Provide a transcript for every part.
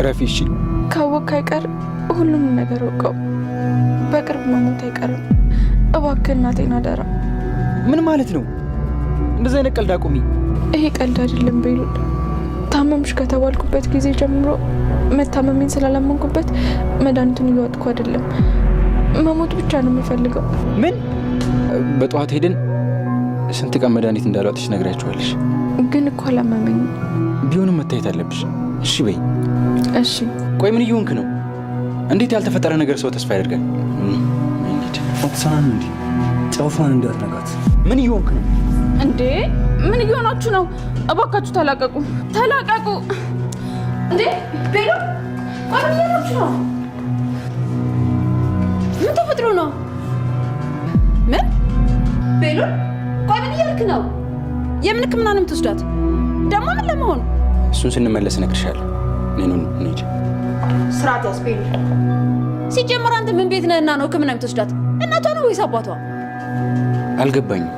እረፊ። እሺ ካወቅ አይቀር ሁሉንም ነገር አውቀው በቅርብ መሞት አይቀርም። እባክህ እናቴን አደራ። ምን ማለት ነው? እንደዚህ አይነት ቀልድ አቁሚ። ይሄ ቀልድ አይደለም ቤሉል። ታመምሽ ከተባልኩበት ጊዜ ጀምሮ መታመሜን ስላላመንኩበት መድኃኒቱን እየዋጥኩ አይደለም። መሞት ብቻ ነው የምፈልገው። ምን በጠዋት ሄደን ስንት ቀን መድኃኒት እንዳልዋጥሽ ነግሪያቸዋለሽ። ግን እኮ አላመመኝም። ቢሆንም መታየት አለብሽ። እሺ በይ። እሺ። ቆይ ምን እየሆንክ ነው? እንዴት ያልተፈጠረ ነገር ሰው ተስፋ ያደርጋል? ኦክሳን እንዲ ጨውፋን እንዳትነካት። ምን እየሆንክ ነው እንዴ? ምን እየሆናችሁ ነው? እባካችሁ ተላቀቁ፣ ተላቀቁ። እንዴ ቤሎ፣ ቆይ ምን እየሆናችሁ ነው? ምን ተፈጥሮ ነው? ምን ቤሎ ቆይ ምን እያልክ ነው? የምን ሕክምና ነው ደግሞ ምን ለመሆኑ? እሱን ስንመለስ እነግርሻለሁ። ነኑን ነጭ ስራት ያስፔል ሲጀምር አንተ ምን ቤት ነህና ነው ህክምና የምትወስዷት? እናቷ ነው ወይስ አባቷ? አልገባኝም።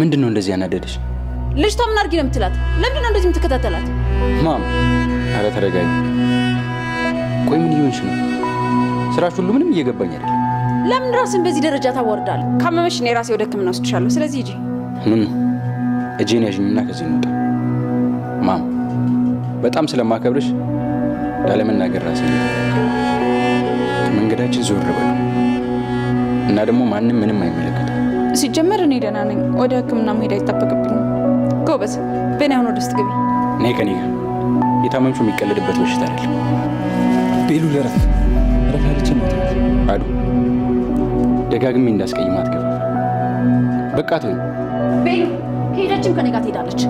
ምንድን ነው እንደዚህ ያናደደሽ? ልጅቷ ምን አድርጊ ነው የምትላት? ለምንድን ነው እንደዚህ የምትከታተላት? ማም፣ አረ ተረጋጊ። ቆይ ምን እየሆንሽ ነው? ስራሽ ሁሉ ምንም እየገባኝ አይደለም። ለምን ራስን በዚህ ደረጃ ታወርዳል? ካመመሽ እኔ ራሴ ወደ ሕክምና ወስድሻለሁ። ስለዚህ እጂ ኑኑ እጄን ያዥኝና ከዚህ እንውጣ። ማም በጣም ስለማከብርሽ ላለመናገር ራሴ መንገዳችን ዞር በሉ እና ደግሞ ማንም ምንም አይመለከትም። ሲጀመር እኔ ደህና ነኝ። ወደ ሕክምና መሄድ አይጠበቅብኝም። ጎበዝ በኔ አሁን ወደ ውስጥ ግቢ። እኔ ከኔ ጋር የታመምሹ የሚቀለድበት በሽታ አይደለም። ቤሉ ለረፍ ረፍ ያለችን አዱ ደጋግሜ እንዳስቀይማት ገፋፋ በቃ ተወኝ። ቤሉ ከሄደችም ከኔ ጋር ትሄዳለች።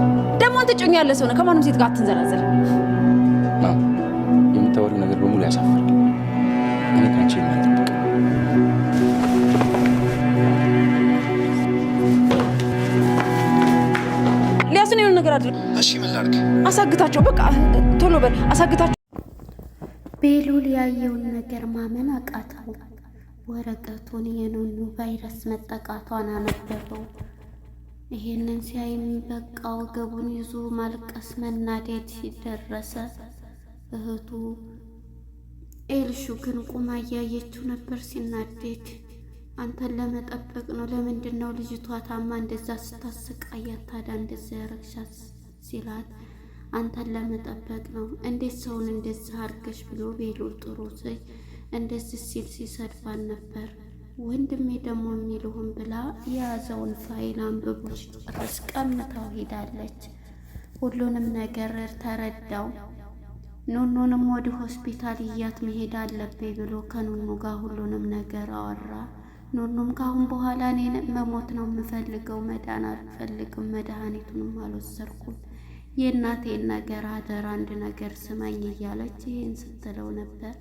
ደግሞ አንተ ጮኛ ያለ ሰው ነህ፣ ከማንም ሴት ጋር አትንዘላዘል። የምታወሪው ነገር በሙሉ ያሳፍራል። እኔ ካንቺ የማይጠብቅ ሊያሱን የሆነ ነገር አድርግ። እሺ ምን ላድርግ? አሳግታቸው፣ በቃ ቶሎ በል አሳግታቸው። ቤሉል ያየውን ነገር ማመን አቃታል። ወረቀቱን የኑኑ ቫይረስ መጠቃቷን አነበበው። ይህንን ሲያይም በቃ ወገቡን ይዞ ማልቀስ፣ መናደድ ሲደረሰ እህቱ ኤልሹ ግን ቁማ እያየችው ነበር ሲናደድ። አንተን ለመጠበቅ ነው። ለምንድን ነው ልጅቷ ታማ እንደዛ ስታስቃ ታዲያ እንደዛ ያረግሻት? ሲላት አንተን ለመጠበቅ ነው እንዴት ሰውን እንደዛ አርገሽ ብሎ ቤሎ ጥሩ እንደዚህ ሲል ሲሰድባን ነበር። ወንድሜ ደግሞ የሚልሁን ብላ የያዘውን ፋይል አንብቦ ሲጨርስ ቀምታው ሄዳለች። ሁሉንም ነገር ተረዳው። ኑኑንም ወደ ሆስፒታል እያት መሄድ አለብኝ ብሎ ከኑኑ ጋር ሁሉንም ነገር አወራ። ኑኑም ካሁን በኋላ እኔ መሞት ነው የምፈልገው፣ መዳን አልፈልግም፣ መድኃኒቱንም አልወሰድኩም፣ የእናቴን ነገር አደራ፣ አንድ ነገር ስመኝ እያለች ይህን ስትለው ነበር።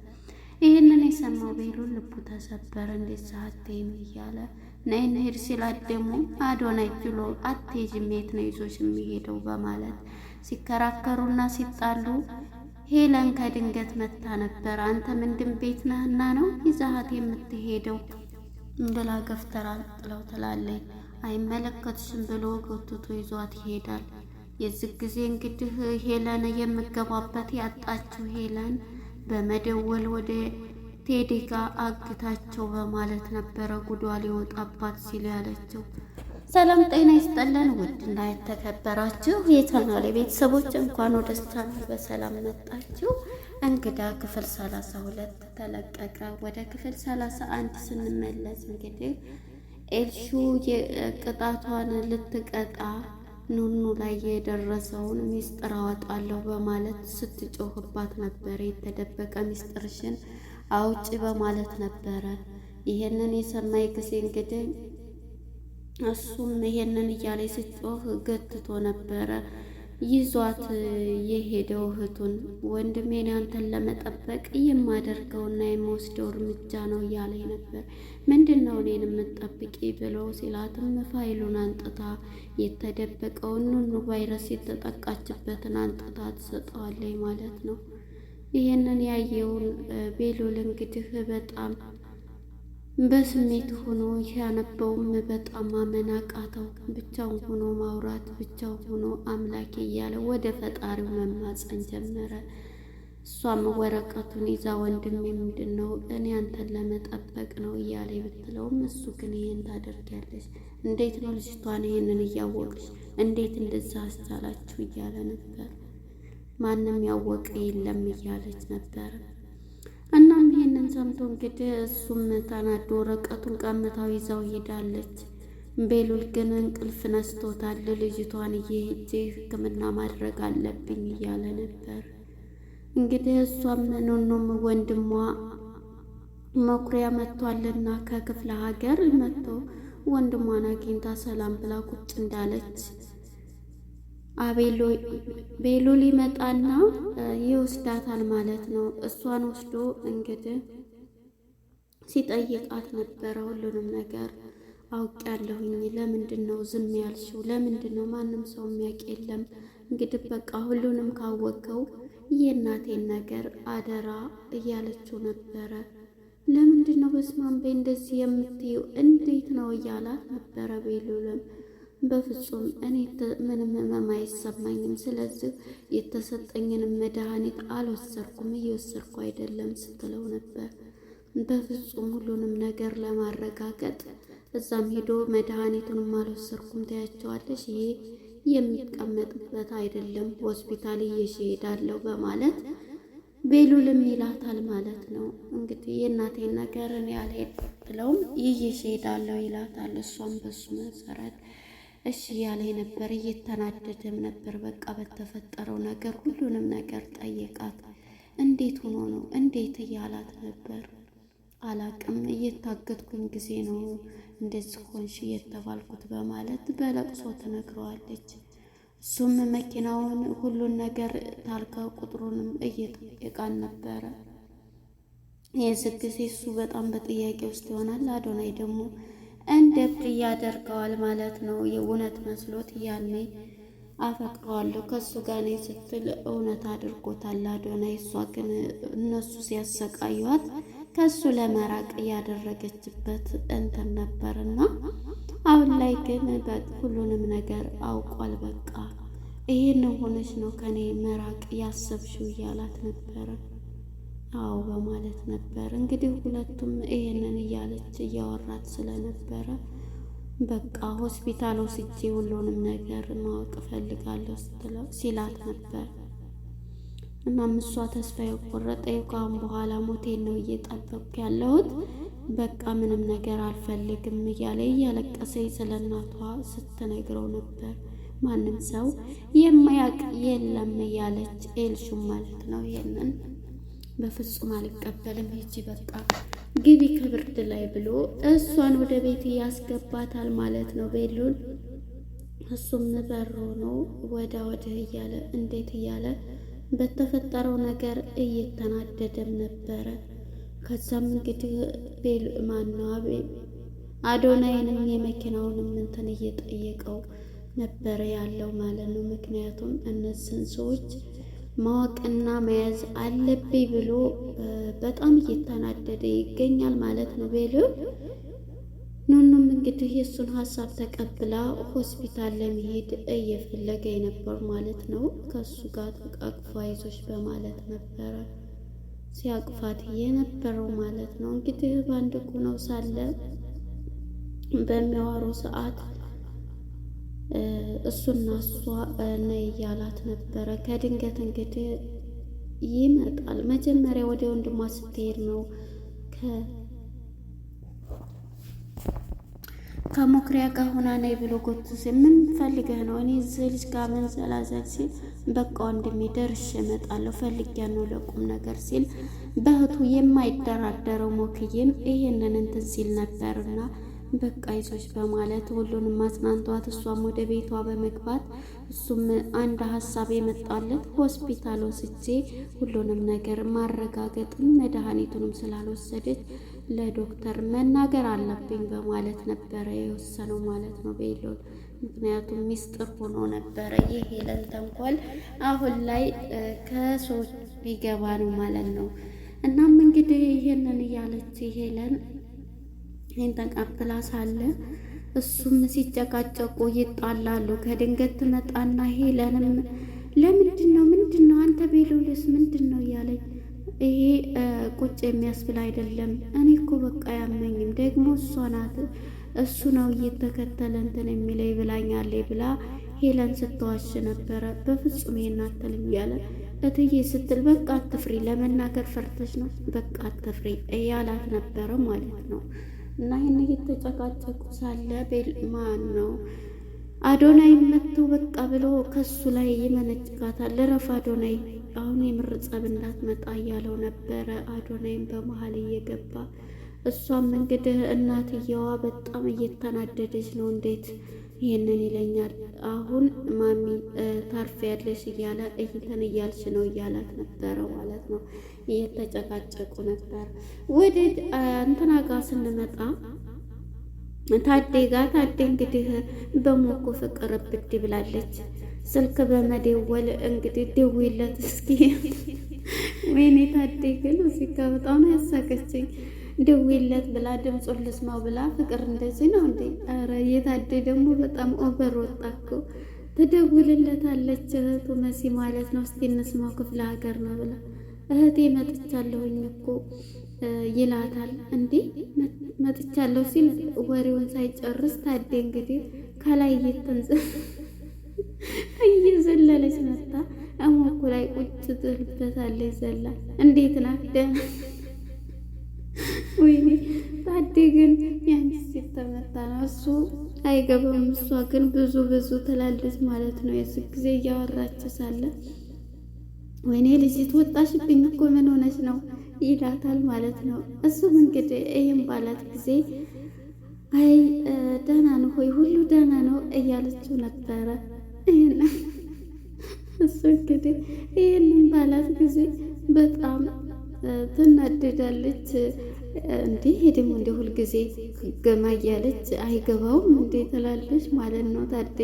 ይህንን የሰማው ቤሉል ልቡ ተሰበረ። እንዴት ሰሀቴም እያለ ነይን ሄድ ሲላት ደግሞ አዶናይ ችሎ አትሄጂም የት ነው ይዞሽ የሚሄደው በማለት ሲከራከሩና ሲጣሉ ሄለን ከድንገት መታ ነበር። አንተ ምንድን ቤት ነህና ነው ይዛሀት የምትሄደው ብላ ገፍተራ ጥለው ትላለኝ። አይመለከትሽም ብሎ ጎትቶ ይዟት ይሄዳል። የዚህ ጊዜ እንግዲህ ሄለን የምገባበት ያጣችው ሄለን በመደወል ወደ ቴዲ ጋር አግታቸው በማለት ነበረ ጉዷ ሊወጣባት ሲል ያለችው። ሰላም ጤና ይስጠለን ውድና የተከበራችሁ የቻናሌ ቤተሰቦች እንኳን ወደ ቻናል በሰላም መጣችሁ። እንግዳ ክፍል ሰላሳ ሁለት ተለቀቀ። ወደ ክፍል ሰላሳ አንድ ስንመለስ እንግዲህ ኤልሹ የቅጣቷን ልትቀጣ ኑኑ ላይ የደረሰውን ሚስጥር አወጣለሁ በማለት ስትጮህባት ነበረ። የተደበቀ ሚስጥርሽን አውጭ በማለት ነበረ። ይሄንን የሰማ ጊዜ እንግዲህ እሱም ይሄንን እያለ ስትጮህ ገትቶ ነበረ። ይዟት የሄደው እህቱን ወንድሜን አንተን ለመጠበቅ የማደርገውና የምወስደው እርምጃ ነው እያለ ነበር። ምንድን ነው እኔን የምጠብቂ ብሎ ሲላትም ፋይሉን አንጥታ የተደበቀውን ኑኑ ቫይረስ የተጠቃችበትን አንጥታ ትሰጠዋለኝ ማለት ነው። ይህንን ያየውን ቤሉል እንግዲህ በጣም በስሜት ሆኖ ያነበውም በጣም ማመን አቃተው። ብቻውን ሆኖ ማውራት፣ ብቻ ሆኖ አምላኬ እያለ ወደ ፈጣሪው መማፀን ጀመረ። እሷም ወረቀቱን ይዛ ወንድሜ ምንድን ነው እኔ አንተን ለመጠበቅ ነው እያለ ብትለውም እሱ ግን ይህን ታደርጊያለሽ? እንዴት ነው ልጅቷን ይህንን እያወቅሽ እንዴት እንደዛ አስቻላችሁ እያለ ነበር። ማንም ያወቀ የለም እያለች ነበር። ይህንን ሰምቶ እንግዲህ እሱም ተናዶ ወረቀቱን ቀምታው ይዛው ሄዳለች። ቤሉል ግን እንቅልፍ ነስቶታል። ልጅቷን እየሄጄ ሕክምና ማድረግ አለብኝ እያለ ነበር። እንግዲህ እሷም ኑኑም ወንድሟ መኩሪያ መጥቷልና ከክፍለ ሀገር መጥቶ ወንድሟን አግኝታ ሰላም ብላ ቁጭ እንዳለች አቤሉ ሊመጣና ይወስዳታል ማለት ነው። እሷን ወስዶ እንግዲህ ሲጠይቃት ነበረ። ሁሉንም ነገር አውቄያለሁኝ። ለምንድን ነው ዝም ያልሽው? ለምንድን ነው ማንም ሰው የሚያውቅ የለም። እንግዲህ በቃ ሁሉንም ካወቀው የእናቴን ነገር አደራ እያለችው ነበረ። ለምንድን ነው በስማም እንደዚህ እንዴት ነው እያላት ነበረ ቤሉልም በፍጹም እኔ ምንም ህመም አይሰማኝም። ስለዚህ የተሰጠኝንም መድኃኒት አልወሰድኩም፣ እየወሰድኩ አይደለም ስትለው ነበር። በፍጹም ሁሉንም ነገር ለማረጋገጥ እዛም ሄዶ መድኃኒቱንም አልወሰድኩም ታያቸዋለሽ፣ ይሄ የሚቀመጥበት አይደለም፣ ሆስፒታል እየሸሄዳለሁ በማለት ቤሉልም ይላታል ማለት ነው። እንግዲህ የእናቴን ነገር እኔ አልሄድ ብለውም እየሸሄዳለሁ ይላታል። እሷም በሱ መሰረት እሺ እያለ ነበር። እየተናደደም ነበር። በቃ በተፈጠረው ነገር ሁሉንም ነገር ጠየቃት። እንዴት ሆኖ ነው እንዴት እያላት ነበር። አላቅም እየታገትኩኝ ጊዜ ነው እንደዚህ ሆንሽ እየተባልኩት በማለት በለቅሶ ትነግረዋለች። እሱም መኪናውን ሁሉን ነገር ታርጋ ቁጥሩንም እየጠየቃን ነበረ። የዚህ ጊዜ እሱ በጣም በጥያቄ ውስጥ ይሆናል። አዶናይ ደግሞ እንደ እብድ ያደርገዋል ማለት ነው። የእውነት መስሎት ያኔ አፈቅረዋለሁ ከእሱ ጋር ነኝ ስትል እውነት አድርጎታል አዶናይ። እሷ ግን እነሱ ሲያሰቃዩዋት ከእሱ ለመራቅ ያደረገችበት እንትን ነበርና አሁን ላይ ግን ሁሉንም ነገር አውቋል። በቃ ይሄን ሆነች ነው ከኔ መራቅ ያሰብሽው እያላት ነበረ። አዎ በማለት ነበር። እንግዲህ ሁለቱም ይሄንን እያለች እያወራት ስለነበረ በቃ ሆስፒታል ወስጄ ሁሉንም ነገር ማወቅ እፈልጋለሁ ሲላት ነበር። እናም እሷ ተስፋ የቆረጠ ከአሁን በኋላ ሞቴን ነው እየጠበቅኩ ያለሁት፣ በቃ ምንም ነገር አልፈልግም እያለ እያለቀሰኝ ስለ እናቷ ስትነግረው ነበር። ማንም ሰው የማያውቅ የለም እያለች ኤልሹም ማለት ነው ይሄንን በፍጹም አልቀበልም፣ ሂጂ በቃ ግቢ ከብርድ ላይ ብሎ እሷን ወደ ቤት ያስገባታል ማለት ነው ቤሉል። እሱም በሮ ነው ወዳ ወድህ እያለ እንዴት እያለ በተፈጠረው ነገር እየተናደደም ነበረ። ከዛም እንግዲህ ቤል ማነው አዶናይንም የመኪናውንም እንትን እየጠየቀው ነበረ ያለው ማለት ነው። ምክንያቱም እነዚህን ሰዎች ማወቅና መያዝ አለብኝ ብሎ በጣም እየተናደደ ይገኛል ማለት ነው ቤሎ ኑኑም እንግዲህ የእሱን ሀሳብ ተቀብላ ሆስፒታል ለመሄድ እየፈለገ ነበር ማለት ነው። ከሱ ጋር አቅፋ ይዞች በማለት ነበረ ሲያቅፋት የነበረው ማለት ነው። እንግዲህ በአንድ ቁነው ሳለ በሚያወሩ ሰዓት እሱና እሷ ነይ እያላት ነበረ። ከድንገት እንግዲህ ይመጣል። መጀመሪያ ወደ ወንድሟ ስትሄድ ነው ከሞክሪያ ጋር ሆና ነይ ብሎ ጎቱ ምን ፈልገህ ነው? እኔ እዚህ ልጅ ጋር ምን ዘላዘል ሲል በቃ ወንድሜ ደርሼ እመጣለሁ ፈልጌ ነው ለቁም ነገር ሲል በእህቱ የማይደራደረው ሞክዬም ይሄንን እንትን ሲል ነበርና በቃ ይዞች በማለት ሁሉንም ማጽናንቷት እሷም ወደ ቤቷ በመግባት እሱም አንድ ሀሳብ የመጣለት ሆስፒታል ወስጄ ሁሉንም ነገር ማረጋገጥን መድኃኒቱንም ስላልወሰደች ለዶክተር መናገር አለብኝ በማለት ነበረ የወሰነው ማለት ነው ቤሎን። ምክንያቱም ሚስጥር ሆኖ ነበረ ይህ ሄለን ተንኮል አሁን ላይ ከሰዎች ሊገባ ነው ማለት ነው። እናም እንግዲህ ይህንን እያለች ሄለን ይህን ተቀብላ ሳለ እሱም ሲጨቃጨቁ ይጣላሉ። ከድንገት ትመጣና ሄለንም ለምንድን ነው ምንድን ነው አንተ ቤሎሌስ ምንድን ነው እያለኝ ይሄ ቁጭ የሚያስብል አይደለም። እኔ እኮ በቃ ያመኝም ደግሞ እሷ ናት እሱ ነው እየተከተለ እንትን የሚለኝ ብላኛለ ብላ ሄለን ስትዋሽ ነበረ። በፍጹም ይናተልም አትልም እያለ እትዬ ስትል በቃ አትፍሪ፣ ለመናገር ፈርተች ነው፣ በቃ አትፍሪ እያላት ነበረ ማለት ነው። እና ይህን እየተጨቃጨቁ ሳለ ቤልማን ነው አዶናይ መጥቶ በቃ ብሎ ከሱ ላይ ይመነጭቃታል። ለረፍ አዶናይ አሁን የምር ጸብ እንዳትመጣ እያለው ነበረ። አዶናይም በመሀል እየገባ እሷም እንግዲህ እናትየዋ በጣም እየተናደደች ነው እንዴት ይህንን ይለኛል። አሁን ማሚ ታርፍ ያለሽ እያለ እይተን እያልሽ ነው እያላት ነበረ ማለት ነው። እየተጨቃጨቁ ነበር። ወደ እንትና ጋር ስንመጣ ታዴ ጋር ታዴ እንግዲህ በሞኮ ፍቅር ብድ ብላለች። ስልክ በመደወል እንግዲህ ደውይለት እስኪ። ወይኔ ታዴ ግን እዚህ ጋ በጣም ያሳቀችኝ። ድዊለት ብላ ድምፁን ልስማው ብላ ፍቅር እንደዚህ ነው እንዴ? ኧረ የታዴ ደግሞ በጣም ኦቨር ወጣ እኮ። ትደውልለታለች እህቱ መሲ ማለት ነው። እስቲ እንስማው ክፍለ ሀገር ነው ብላ እህቴ መጥቻለሁኝ እኮ ይላታል። እንዴ መጥቻለሁ ሲል ወሬውን ሳይጨርስ ታዴ እንግዲህ ከላይ እየተንጽ እየዘለለች መጣ እሞኩ ላይ ቁጭ ትልበታለች። ዘላ እንዴት ናት? ግን ያንቺ ሴት ተመታ ነው እሱ አይገባም። እሷ ግን ብዙ ብዙ ትላለች ማለት ነው። የሱ ጊዜ እያወራች ሳለ ወይኔ ልጅት ወጣሽብኝ እኮ ምን ሆነች ነው ይላታል ማለት ነው። እሱም እንግዲህ ይህም ባላት ጊዜ አይ ደህና ነው ሆይ ሁሉ ደህና ነው እያለችው ነበረ። እሱ እንግዲህ ይህንም ባላት ጊዜ በጣም ትናደዳለች። እንዲህ ደግሞ እንደ ሁልጊዜ ገማ እያለች አይገባውም እንዴ ትላለች ማለት ነው። ታዴ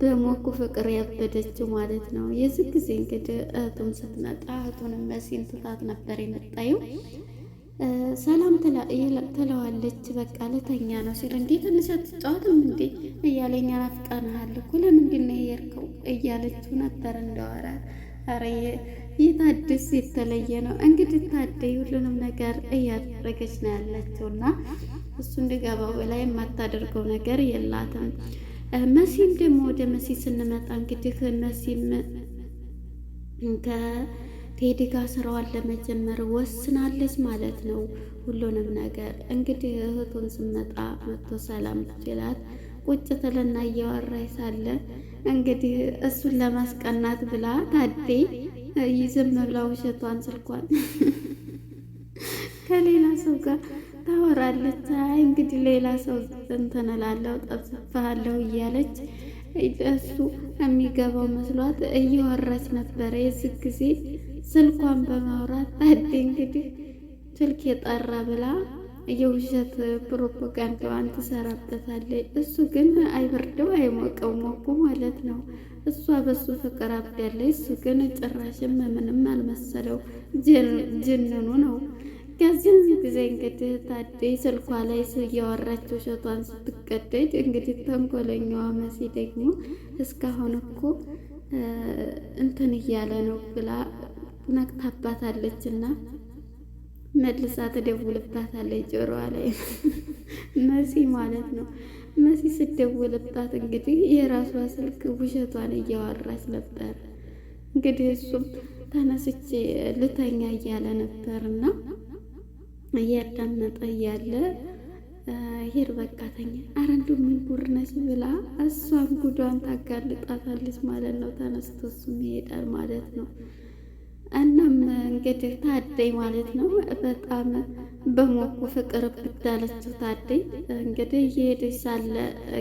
በሞኩ ፍቅር ያበደችው ማለት ነው። የዚህ ጊዜ እንግዲህ እህቱም ስትመጣ እህቱንም መሲን ትታት ነበር የመጣየው። ሰላም ትለዋለች። በቃ ለተኛ ነው ሲል እንዴ ትንሽ አትጫወትም እንዴ እያለኛ ናፍቃናሃል እኮ ለምንድን ነው የሄድከው እያለችው ነበር እንደዋራ አረየ ይህ አዲስ የተለየ ነው። እንግዲህ ታደይ ሁሉንም ነገር እያደረገች ነው ያለችው እና እሱ እንደገባው ላይ የማታደርገው ነገር የላትም። መሲም ደግሞ ወደ መሲ ስንመጣ እንግዲህ መሲም ከቴዲ ጋር ስራዋን ለመጀመር ወስናለች ማለት ነው። ሁሉንም ነገር እንግዲህ እህቱን ስመጣ መቶ ሰላም ይችላል ቁጭ ትልና እያወራች ሳለ እንግዲህ እሱን ለማስቀናት ብላ ታዴ ይዝም ብላ ውሸቷን ስልኳን ከሌላ ሰው ጋር ታወራለች። አይ እንግዲህ ሌላ ሰው እንትን እላለሁ እያለች እሱ የሚገባው መስሏት እየወረች ነበረ። የዚህ ጊዜ ስልኳን በማውራት ታዴ እንግዲህ ስልክ የጠራ ብላ የውሸት ፕሮፓጋንዳዋን ትሰራበታለች። እሱ ግን አይበርደው አይሞቀው ሞቁ ማለት ነው። እሷ በሱ ፍቅር አብዳለች። እሱ ግን ጭራሽም ምንም አልመሰለው ጅንኑ ነው። ከዚህ ጊዜ እንግዲህ ታዴ ስልኳ ላይ እያወራች ውሸቷን ስትቀደድ፣ እንግዲህ ተንኮለኛዋ መሲ ደግሞ እስካሁን እኮ እንትን እያለ ነው ብላ ነቅታባታለች እና መልሳ ትደውልባታለች ጆሮዋ ላይ መሲ ማለት ነው። መሲ ስደውልባት እንግዲህ የራሷ ስልክ ውሸቷን እያወራች ነበር። እንግዲህ እሱም ተነስቼ ልተኛ እያለ ነበርና እያዳመጠ እያለ ሄር በቃ ተኛ፣ ኧረ እንደው ምን ጉድ ብላ እሷን ጉዷን ታጋልጣታለች ማለት ነው። ተነስቶ እሱም ይሄዳል ማለት ነው። እናም እንግዲህ ታደይ ማለት ነው በጣም በሞኩ ፍቅር ብዳለችው። ታደይ እንግዲህ እየሄደች ሳለ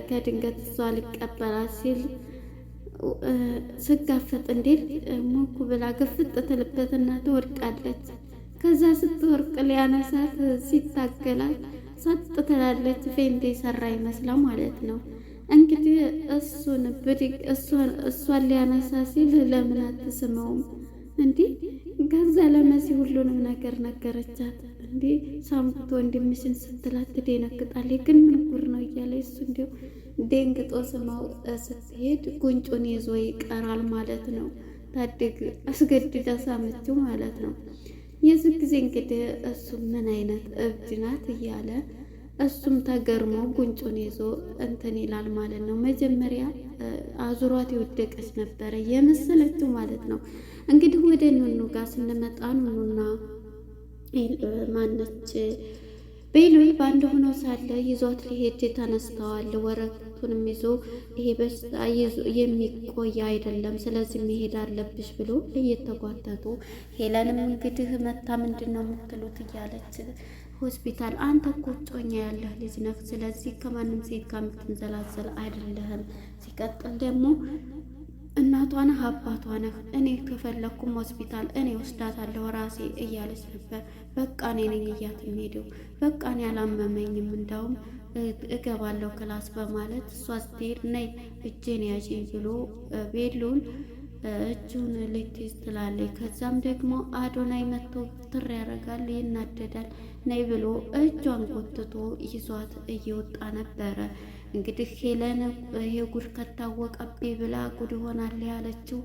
ከድንገት እሷ ሊቀበላት ሲል ስጋፈጥ እንዴት ሞኩ ብላ ግፍጥ ትልበትና ትወድቃለች። ከዛ ስትወርቅ ሊያነሳት ሲታገላል ሳጥ ትላለች። ፌንድ የሰራ ይመስላ ማለት ነው እንግዲህ እሱን ብድግ እሷን ሊያነሳ ሲል ለምን አትስመውም? እንዴ ከዛ ለመሲ ሁሉንም ነገር ነገረቻት። እንዴ ሳምኩት ወንድምሽን ስትላት ትደነግጣለች። ግን ምን ጉር ነው እያለ እሱ እንዲሁ ደንግጦ ስማው ስትሄድ ጉንጩን ይዞ ይቀራል ማለት ነው። ታድግ አስገድዳ ሳመችው ማለት ነው። የዚህ ጊዜ እንግዲህ እሱ ምን አይነት እብድ ናት እያለ እሱም ተገርሞ ጉንጩን ይዞ እንትን ይላል ማለት ነው። መጀመሪያ አዙሯት የወደቀች ነበረ የመሰለችው ማለት ነው። እንግዲህ ወደ ኑኑ ጋር ስንመጣ ኑኑና ማነች ቤሎይ በአንድ ሆኖ ሳለ ይዟት ሊሄድ ተነስተዋል። ወረቱንም ይዞ ይሄ በሽታ የሚቆይ አይደለም፣ ስለዚህ መሄድ አለብሽ ብሎ እየተጓተቱ ሄለንም እንግዲህ መታ ምንድን ነው የምትሉት እያለች ሆስፒታል አንተ እኮ ጮኛ ያለህ ልጅ ነህ። ስለዚህ ከማንም ሴት ጋር የምትንዘላዘል አይደለህም። ሲቀጥል ደግሞ እናቷ ነህ አባቷ ነህ። እኔ ከፈለግኩም ሆስፒታል እኔ ወስዳታለሁ ራሴ እያለች ነበር። በቃ እኔ ነኝ እያት ሄደው በቃ እኔ አላመመኝም እንዳውም እገባለሁ ክላስ በማለት እሷ ስትሄድ ነይ እጄን ያዥኝ ብሎ ቤሉን እጁን ልትይዝ ትላለች። ከዛም ደግሞ አዶናይ መጥቶ ትር ያደርጋል፣ ይናደዳል። ነይ ብሎ እጇን ጎትቶ ይዟት እየወጣ ነበረ። እንግዲህ ሄለን ይሄ ጉድ ከታወቀብኝ ብላ ጉድ ይሆናል ያለችው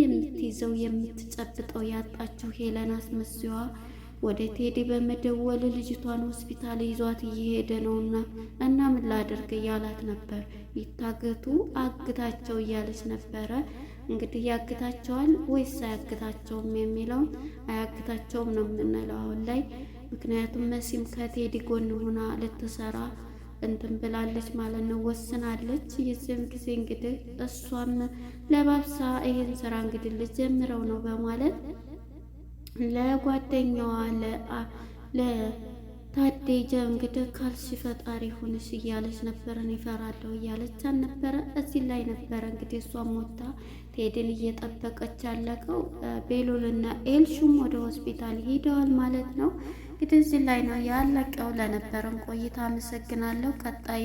የምትይዘው የምትጨብጠው ያጣችው ሄለን አስመስዋ ወደ ቴዲ በመደወል ልጅቷን ሆስፒታል ይዟት እየሄደ ነውና እና ምን ላደርግ እያላት ነበር። ይታገቱ አግታቸው እያለች ነበረ እንግዲህ ያግታቸዋል ወይስ አያግታቸውም የሚለውን አያግታቸውም ነው የምንለው አሁን ላይ። ምክንያቱም መሲም ከቴዲ ጎን ሆና ልትሰራ እንትን ብላለች ማለት ነው፣ ወስናለች። የዚህም ጊዜ እንግዲህ እሷም ለባብሳ ይህን ስራ እንግዲህ ልጀምረው ነው በማለት ለጓደኛዋ ታዴጃ እንግዲህ ካልሽ ፈጣሪ ሁንሽ እያለች ነበረ። እኔ እፈራለሁ እያለች ነበረ። እዚህ ላይ ነበረ እንግዲህ እሷ ሞታ ቴድን እየጠበቀች ያለቀው ቤሉልና ኤልሹም ወደ ሆስፒታል ሂደዋል ማለት ነው። እንግዲህ እዚህ ላይ ነው ያለቀው። ለነበረን ቆይታ አመሰግናለሁ። ቀጣይ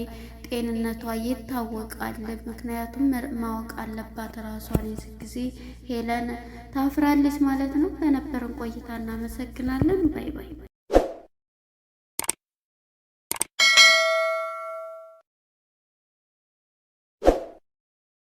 ጤንነቷ ይታወቃል። ምክንያቱም ማወቅ አለባት ራሷን። የዚህ ጊዜ ሄለን ታፍራለች ማለት ነው። ለነበረን ቆይታ እናመሰግናለን። ባይ ባይ